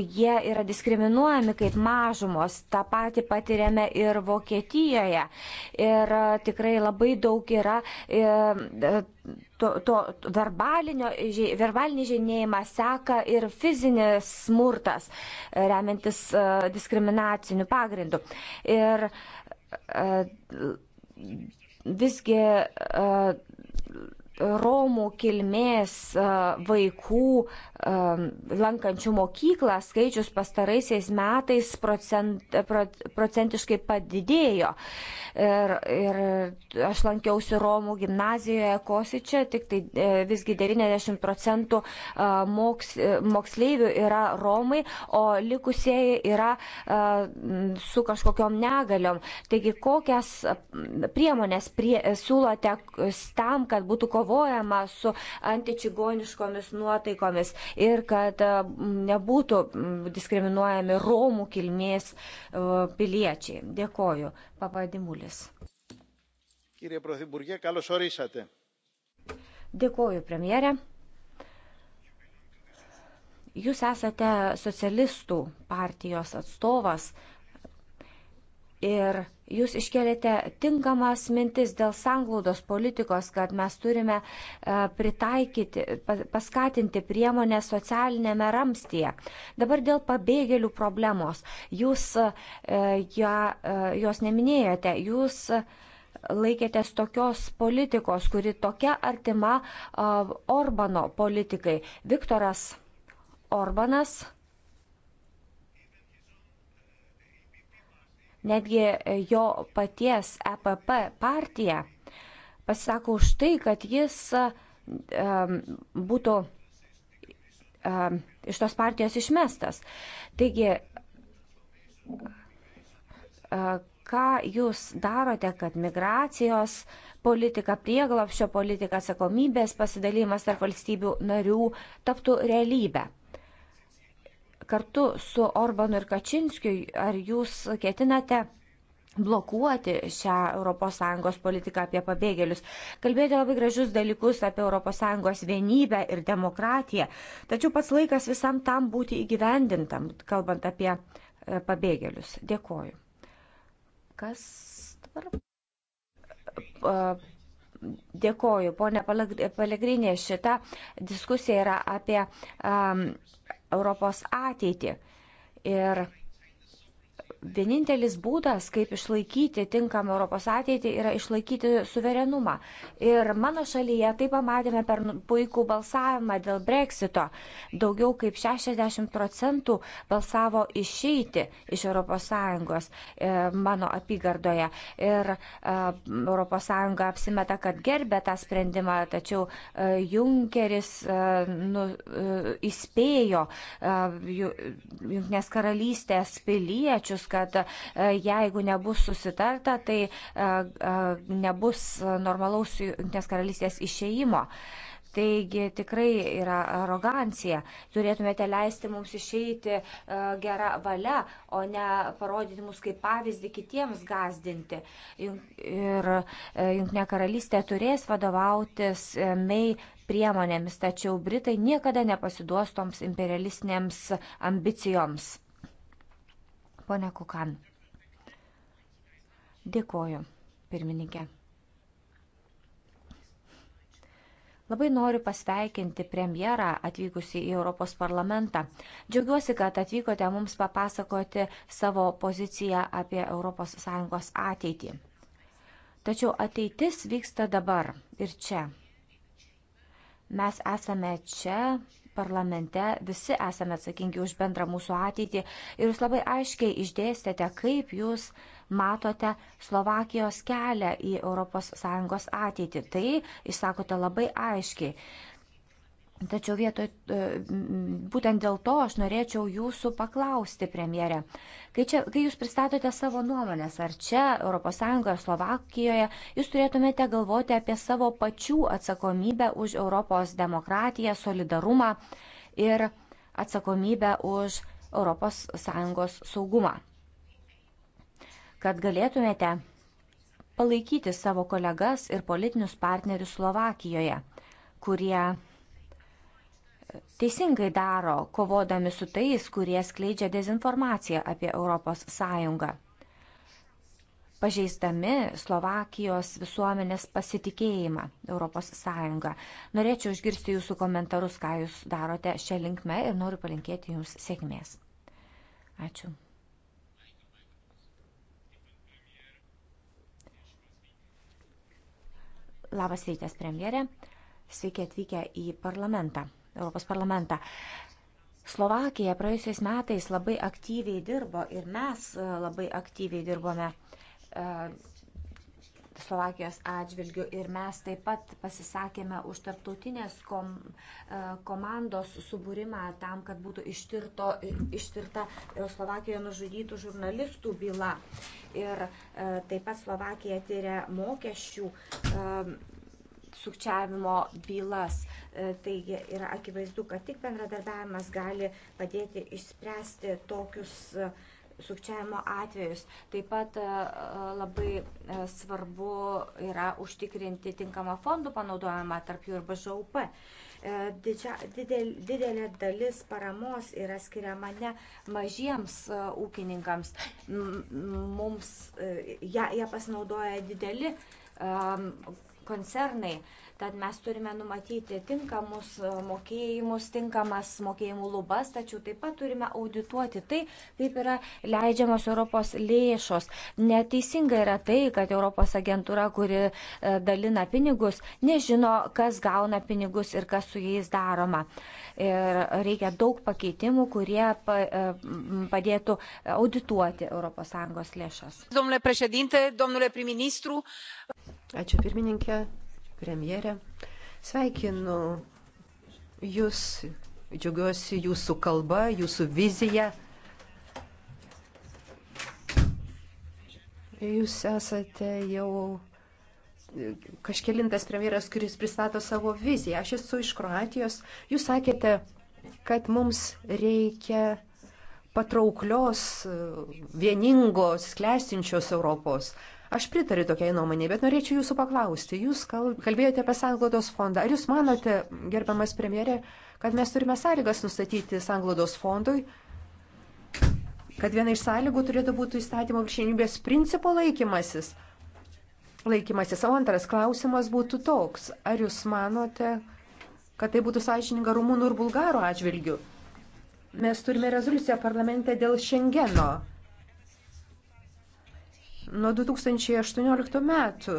jie yra diskriminuojami kaip mažumos. Ta pati patiriame ir Vokietijoje. Ir e, tikrai labai daug yra e, e, to, to verbalinio, verbalinį žinėjimą seka ir fizinis smurtas, remiantis diskriminaciniu pagrindu. Ir visgi Romų kilmės vaikų lankančių mokyklą skaičius pastaraisiais metais procent, procentiškai padidėjo. Ir, ir aš lankiausi Romų gimnazijoje Kosiče, tik tai e, visgi 90 procentų moks, e, moksleivių yra Romai, o likusieji yra su kažkokiom negaliom. Taigi kokias priemonės prie, siūlote tam, kad būtų kovojama? kovojama su antičigoniškomis nuotaikomis ir kad e, nebūtų diskriminuojami Romų kilmės e, piliečiai. Dėkoju. Papadimulis. Kyrie Πρωθυπουργέ, καλώς ορίσατε. Dėkoju, premjerė. Jūs esate socialistų partijos atstovas. Ir jūs iškelėte tinkamas mintis dėl sanglaudos politikos, kad mes turime e, pritaikyti, paskatinti priemonę socialinėme ramstyje. Dabar dėl pabėgėlių problemos. Jūs e, ja, e, jos neminėjote. Jūs laikėtės tokios politikos, kuri tokia artima Orbano politikai. Viktoras Orbanas Netgi e, jo paties EPP partija pasisako už tai, kad jis e, būtų e, iš tos partijos išmestas. Taigi, ką jūs darote, kad migracijos politika, prieglapšio politika, atsakomybės pasidalymas tarp valstybių narių taptų realybę? kartu su Orbanu ir Kačinskiu, ar jūs ketinate blokuoti šią ES politiką apie pabėgėlius. Kalbėjote labai gražius dalykus apie ES vienybę ir demokratiją, tačiau pats laikas visam tam būti įgyvendintam, kalbant apie e, pabėgėlius. Dėkoju. Kas dabar? E, dėkoju, ponė Palegrinė, šita diskusija yra apie um, Europos ateitį. Ir vienintelis būdas, kaip išlaikyti tinkamą Europos ateitį, yra išlaikyti suverenumą. Ir mano šalyje tai pamatėme per puikų balsavimą dėl breksito. Daugiau kaip 60 procentų balsavo išeiti iš ES e, mano apygardoje. Ir ES apsimeta, kad gerbė tą sprendimą, tačiau e, Junkeris e, nu, įspėjo Junknės karalystės piliečius, kad e, jeigu nebus susitarta, tai e, e, nebus normalaus Junktinės karalystės išeimo. Taigi tikrai yra arogancija. Turėtumėte leisti mums išeiti e, gerą valią, o ne parodyti mus kaip pavyzdį kitiems gazdinti. Ir Junktinė karalystė turės vadovautis mei priemonėmis, tačiau Britai niekada nepasiduos toms imperialistinėms ambicijoms. Pone Kukan. Dėkoju, pirmininkė. Labai noriu pasveikinti premjerą atvykusi į Europos parlamentą. Džiaugiuosi, kad atvykote mums papasakoti savo poziciją apie ES ateitį. Tačiau ateitis vyksta dabar ir čia. Mes esame čia parlamente visi esame atsakingi už bendrą mūsų ateitį ir jūs labai aiškiai išdėstėte, kaip jūs matote Slovakijos kelią į ES ateitį. Tai išsakote labai aiškiai. Tačiau vietoj, e, būtent dėl to aš norėčiau jūsų paklausti, premjerė, kai, čia, kai jūs pristatote savo nuomonės, ar čia ES ar Slovakijoje jūs turėtumėte galvoti apie savo pačių atsakomybę už Europos demokratiją, solidarumą ir atsakomybę už ES saugumą, kad galėtumėte palaikyti savo kolegas ir politinius partnerius Slovakijoje, kurie teisingai daro, kovodami su tais, kurie skleidžia dezinformaciją apie ES, pažeisdami Slovakijos visuomenės pasitikėjimą ES. Norėčiau išgirsti jūsų komentarus, ką jūs darote šią linkmę ir noriu palinkėti jums sėkmės. Ačiū. Labas rytas, premjerė. Sveiki atvykę į parlamentą. Europos parlamentą. Slovakija praėjusiais metais labai aktyviai dirbo ir mes e, labai aktyviai dirbome e, Slovakijos atžvilgių ir mes taip pat pasisakėme už tarptautinės kom, e, komandos subūrimą tam, kad būtų ištirto, ištirta Slovakijoje nužudytų žurnalistų byla. Ir taip pat Slovakija tyria mokesčių sukčiavimo bylas. E, taigi yra akivaizdu, kad tik bendradarbiavimas gali padėti išspręsti tokius e, sukčiavimo atvejus. Taip pat e, labai svarbu yra užtikrinti tinkamą fondų panaudojimą tarp jų ir BŽUP. Didžia, didel, didelė dalis paramos yra skiriama ne mažiems ūkininkams. Mums ją ja, ja pasinaudoja dideli um, koncernai. Tad mes turime numatyti tinkamus e, mokėjimus, tinkamas mokėjimų lubas, tačiau taip pat turime audituoti tai, kaip yra leidžiamos Europos lėšos. Neteisinga yra tai, kad Europos agentūra, kuri e, dalina pinigus, nežino, kas gauna pinigus ir kas su jais daroma. Ir reikia daug pakeitimų, kurie e, padėtų audituoti ES lėšas. Domnule președinte, domnule prim ministru. Ačiū pirmininkė, premjerė. Sveikinu Jūs, džiaugiuosi Jūsų kalba, Jūsų vizija. Jūs esate jau kažkelintas premjeras, kuris pristato savo viziją. Aš esu iš Kroatijos. Jūs sakėte, kad mums reikia patrauklios, vieningos, klestinčios Europos. Aš pritariu tokiai nuomonė, bet norėčiau jūsų paklausti. Jūs kalbėjote apie sanglodos fondą. Ar jūs manote, gerbiamas premjerė, kad mes turime sąlygas nustatyti sanglodos fondui, kad viena iš sąlygų turėtų būti įstatymo viršienybės principo laikymasis? Laikymasis. O antras klausimas būtų toks. Ar jūs manote, kad tai būtų sąžininga rumūnų ir bulgarų atžvilgių? Mes turime rezoliuciją parlamente dėl Šengeno nuo 2018 metų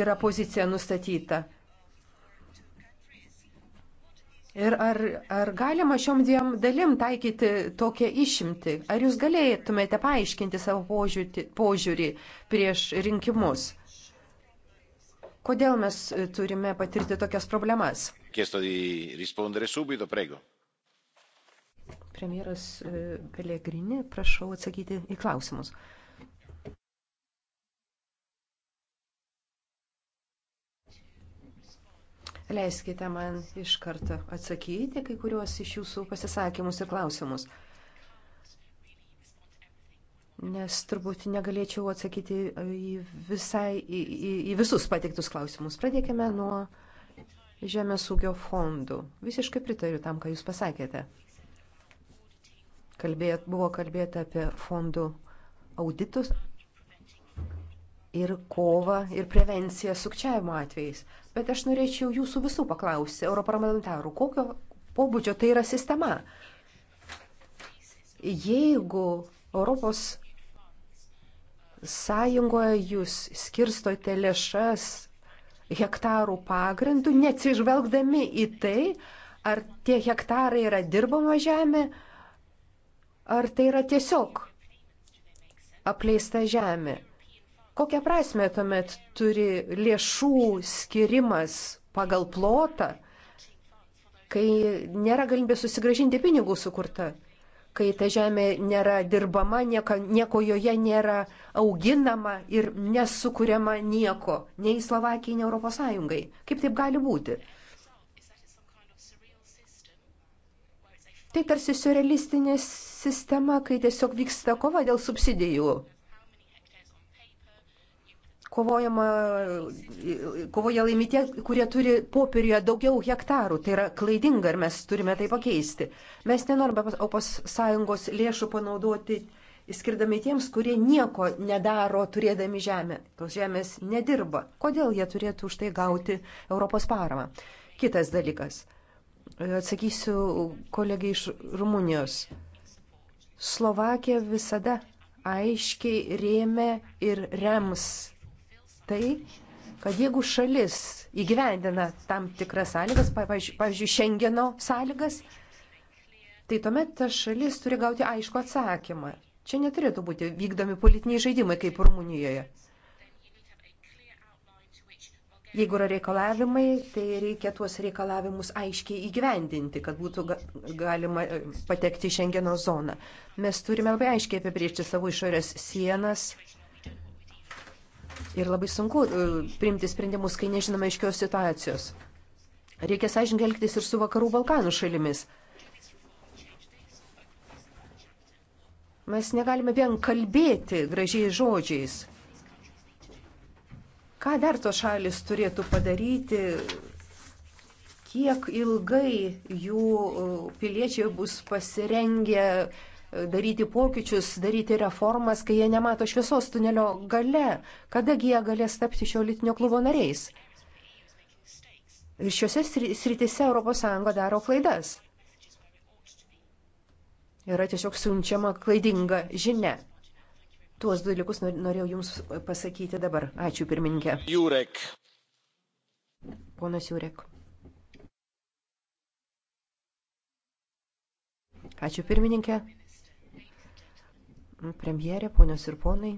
yra pozicija nustatyta. Ir ar, ar galima šiom dviem dalim taikyti tokią išimtį? Ar jūs galėtumėte paaiškinti savo požiūrį, požiūrį prieš rinkimus? Kodėl mes turime patirti tokias problemas? Chiesto di rispondere subito, prego premjeras e, Pelegrini, prašau atsakyti į klausimus. Leiskite man iš karto atsakyti kai kuriuos iš jūsų pasisakymus ir klausimus. Nes turbūt negalėčiau atsakyti į, visai, į, į, į visus pateiktus klausimus. Pradėkime nuo Žemės ūkio fondų. Visiškai pritariu tam, ką jūs pasakėte. Kalbėt, buvo kalbėta apie fondų auditus ir kovą ir prevenciją sukčiavimo atvejais. Bet aš norėčiau jūsų visų paklausti, europarlamentarų, kokio pobūdžio tai yra sistema. Jeigu Europos Sąjungoje jūs skirstote lėšas hektarų pagrindų, neatsižvelgdami į tai, ar tie hektarai yra dirbama žemė, Ar tai yra tiesiog apleista žemė? Kokią prasme tuomet turi lėšų skirimas pagal plotą, kai nėra galimybė susigražinti pinigų sukurta, kai ta žemė nėra dirbama, nieko, nieko joje nėra auginama ir nesukuriama nieko, nei Slovakijai, nei Europos Sąjungai. Kaip taip gali būti? Tai tarsi surrealistinės sistema, kai tiesiog vyksta kova dėl subsidijų. Kovojama, kovoja laimi tie, kurie turi popieriuje daugiau hektarų. Tai yra klaidinga ir mes turime tai pakeisti. Mes nenorime ES lėšų panaudoti įskirdami tiems, kurie nieko nedaro turėdami žemę. Tos žemės nedirba. Kodėl jie turėtų už tai gauti Europos paramą? Kitas dalykas. Atsakysiu kolegai iš Rumunijos. Slovakija visada aiškiai rėmė ir rems tai, kad jeigu šalis įgyvendina tam tikras sąlygas, pavyzdžiui, Šengeno sąlygas, tai tuomet ta šalis turi gauti aišku atsakymą. Čia neturėtų būti vykdomi politiniai žaidimai kaip Rumunijoje. Jeigu yra reikalavimai, tai reikia tuos reikalavimus aiškiai įgyvendinti, kad būtų galima e, patekti į Šengeno zoną. Mes turime labai aiškiai apibriežti savo išorės sienas. Ir labai sunku e, priimti sprendimus, kai nežinome aiškios situacijos. Reikia sąžininkai elgtis ir su vakarų Balkanų šalimis. Mes negalime vien kalbėti gražiais žodžiais. Ką dar tos šalis turėtų padaryti, kiek ilgai jų e, piliečiai bus pasirengę e, daryti pokyčius, daryti reformas, kai jie nemato šviesos tunelio gale, kadagi jie galės tapti šio litinio klubo nariais. Ir šiuose sritise ES daro klaidas. Yra tiesiog siunčiama klaidinga žinia. Tuos dalykus norėjau Jums pasakyti dabar. Ačiū, pirmininkė. Jurek. Ponas Jurek. Ačiū, pirmininkė. Premjerė, ponios ir ponai.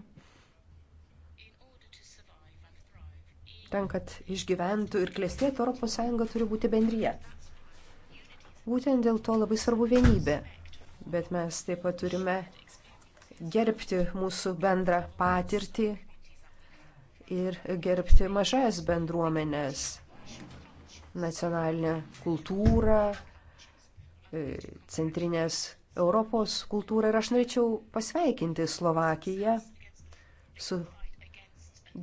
Ten, kad išgyventų ir klestėtų ES turi būti bendryje. Būtent dėl to labai svarbu vienybė. Bet mes taip pat turime gerbti mūsų bendrą patirtį ir gerbti mažas bendruomenės, nacionalinę kultūrą, e, centrinės Europos kultūrą. Ir aš norėčiau pasveikinti Slovakiją su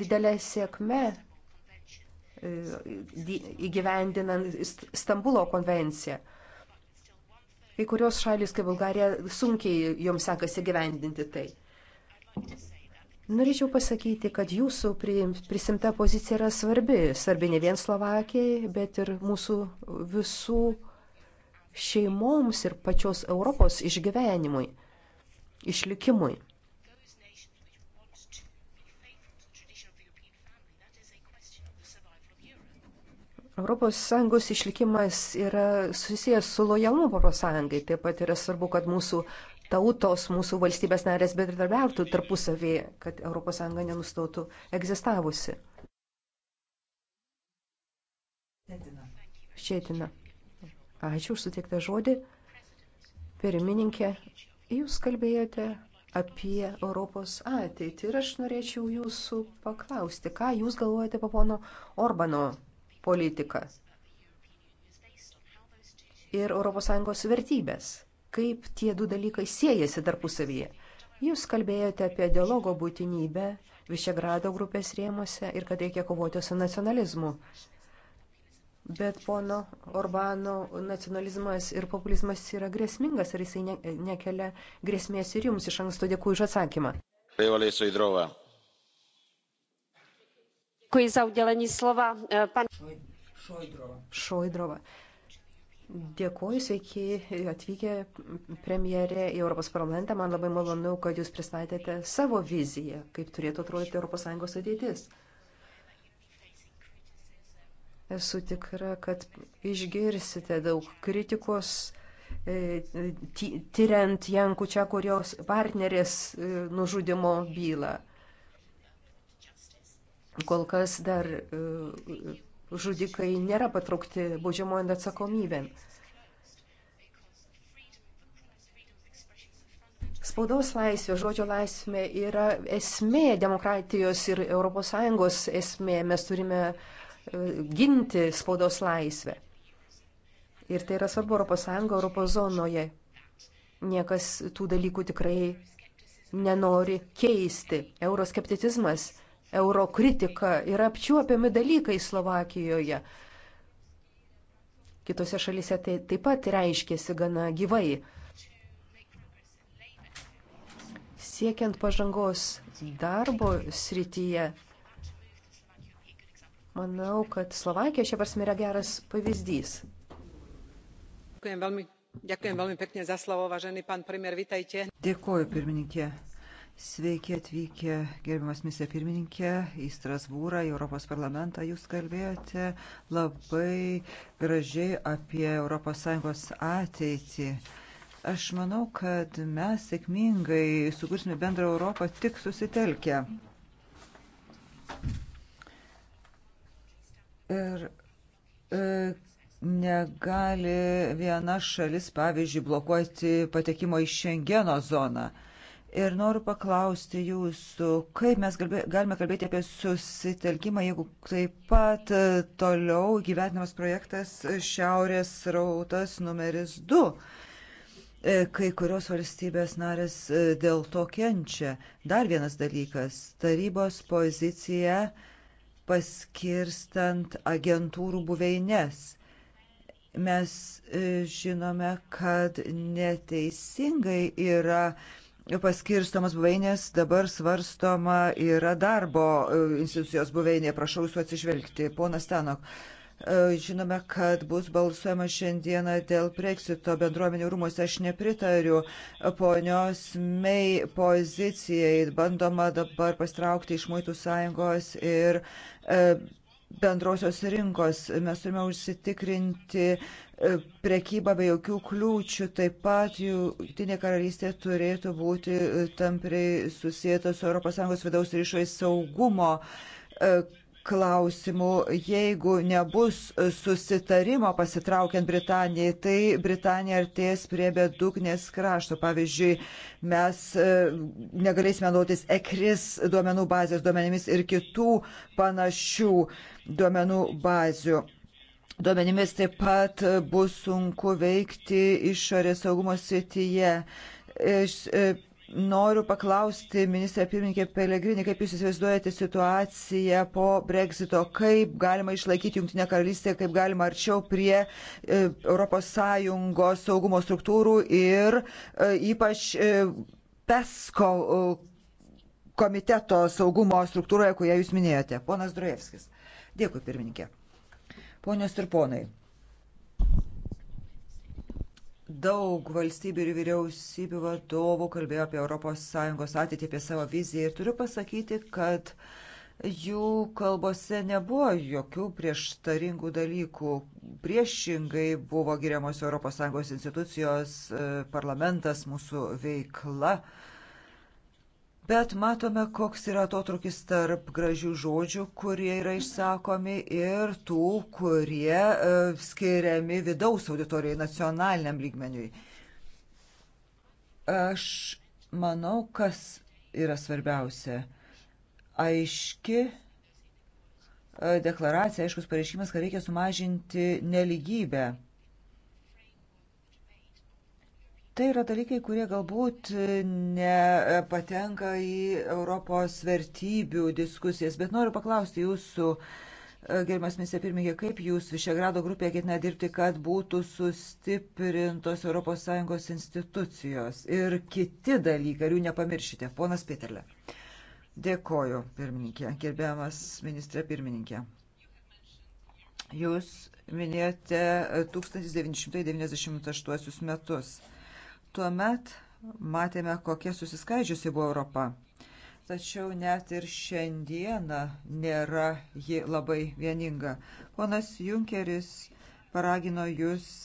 didelė sėkme e, įgyvendinant Stambulo konvenciją. Kai kurios šalis, kaip Bulgarija, sunkiai joms sekasi gyvendinti tai. Norėčiau pasakyti, kad jūsų prisimta pozicija yra svarbi. Svarbi ne vien Slovakijai, bet ir mūsų visų šeimoms ir pačios Europos išgyvenimui, išlikimui. ES išlikimas yra susijęs su lojalumu ES. Taip pat yra svarbu, kad mūsų tautos, mūsų valstybės narės bendradarbiautų tarpusavėje, kad ES nenustotų egzistavusi. Šėtina. Ačiū už suteiktą žodį. Pirmininkė, jūs kalbėjote apie Europos ateitį ir aš norėčiau jūsų paklausti, ką jūs galvojate po pono Orbano politiką ir ES vertybės. Kaip tie du dalykai siejasi tarpusavyje? Jūs kalbėjote apie dialogo būtinybę Višegrado grupės rėmose ir kad reikia kovoti su nacionalizmu. Bet pono Orbano nacionalizmas ir populizmas yra grėsmingas, ar jisai ne, nekelia grėsmės ir jums iš anksto dėkui už atsakymą. Dėvalė, Eh, Šoidrova. Dėkuoju, sveiki atvykę premjerė į Europos parlamentą. Man labai malonu, kad jūs pristatėte savo viziją, kaip turėtų atrodyti ES ateitis. Esu tikra, kad išgirsite daug kritikos e, tyriant Jankučia, kurios partnerės e, nužudimo bylą kol kas dar e, žudikai nėra patraukti baudžiamojant atsakomybėn. Spaudos laisvė, žodžio laisvė yra esmė demokratijos ir ES esmė. Mes turime e, ginti spaudos laisvę. Ir tai yra svarbu ES, ES zonoje. Niekas tų dalykų tikrai nenori keisti. Euroskepticizmas eurokritika yra apčiuopiami dalykai Slovakijoje. Kitose šalise tai taip pat reiškėsi gana gyvai. Siekiant pažangos darbo srityje, manau, kad Slovakija šia prasme yra geras pavyzdys. Dėkuoju, pirmininkė. Sveiki atvykę, gerbiamas misija pirmininkė, į Strasbūrą, į Europos parlamentą. Jūs kalbėjote labai gražiai apie ES ateitį. Aš manau, kad mes sėkmingai sukursime bendrą Europą tik susitelkę. Ir e, negali viena šalis, pavyzdžiui, blokuoti patekimo į Šengeno zoną. E, Ir noriu paklausti jūsų, kaip mes galbė, galime kalbėti apie susitelkimą, jeigu taip pat e, toliau gyvenimas projektas Šiaurės rautas numeris 2. E, kai kurios valstybės narės e, dėl to kenčia. Dar vienas dalykas - tarybos pozicija paskirstant agentūrų buveines mes žinome, kad neteisingai yra paskirstomas buveinės dabar svarstoma yra darbo e, institucijos buveinė. Prašau jūsų atsižvelgti. Ponas Tenok. E, žinome, kad bus balsuojama šiandieną dėl Brexito bendruomenių rūmose. Aš nepritariu ponios Mei pozicijai. Bandoma dabar pastraukti iš Muitų sąjungos ir e, bendrosios rinkos. Mes turime užsitikrinti e, prekybą be jokių kliūčių. Taip pat jungtinė karalystė turėtų būti e, tampriai susijęta su ES vidaus ir išorės saugumo e, klausimų. Jeigu nebus susitarimo pasitraukiant Britanijai, tai Britanija artės prie bedugnės krašto. Pavyzdžiui, mes e, negalėsime naudotis ECRIS duomenų bazės duomenimis ir kitų panašių duomenų bazių. Duomenimis taip pat bus sunku veikti išorės saugumo srityje. Iš, e, Noriu paklausti, ministrė pirmininkė Pelegrinė, kaip Jūs įsivaizduojate situaciją po Brexito, kaip galima išlaikyti Junktinę karalystę, kaip galima arčiau prie ES saugumo struktūrų ir e, ypač e, PESCO e, komiteto saugumo struktūroje, kurią Jūs minėjote. Ponas Drojevskis. Dėkui, pirmininkė. Ponios ir ponai. Daug valstybių ir vyriausybių vadovų kalbėjo apie ES ateitį, apie savo viziją ir turiu pasakyti, kad jų kalbose nebuvo jokių prieštaringų dalykų. Priešingai buvo giriamos ES institucijos, e, parlamentas, mūsų veikla. Bet matome, koks yra atotrukis tarp gražių žodžių, kurie yra išsakomi, ir tų, kurie uh, skiriami vidaus auditorijai, nacionaliniam lygmeniui. Aš manau, kas yra svarbiausia. Aiški e, deklaracija, aiškus pareiškimas, kad reikia sumažinti neligybę Tai yra dalykai, kurie galbūt e, nepatenka į Europos vertybių diskusijas, bet noriu paklausti jūsų, e, gerbiamas misija pirmininkė, kaip jūs Višegrado grupėje ketina dirbti, kad būtų sustiprintos ES institucijos ir kiti dalykai, ar jų nepamiršite, ponas Peterle. Dėkoju, pirmininkė, gerbiamas ministrė pirmininkė. Jūs minėjote 1998 metus. Tuomet matėme, kokia susiskaidžiusi buvo Europa. Tačiau net ir šiandieną nėra ji labai vieninga. Ponas Junkeris paragino jūs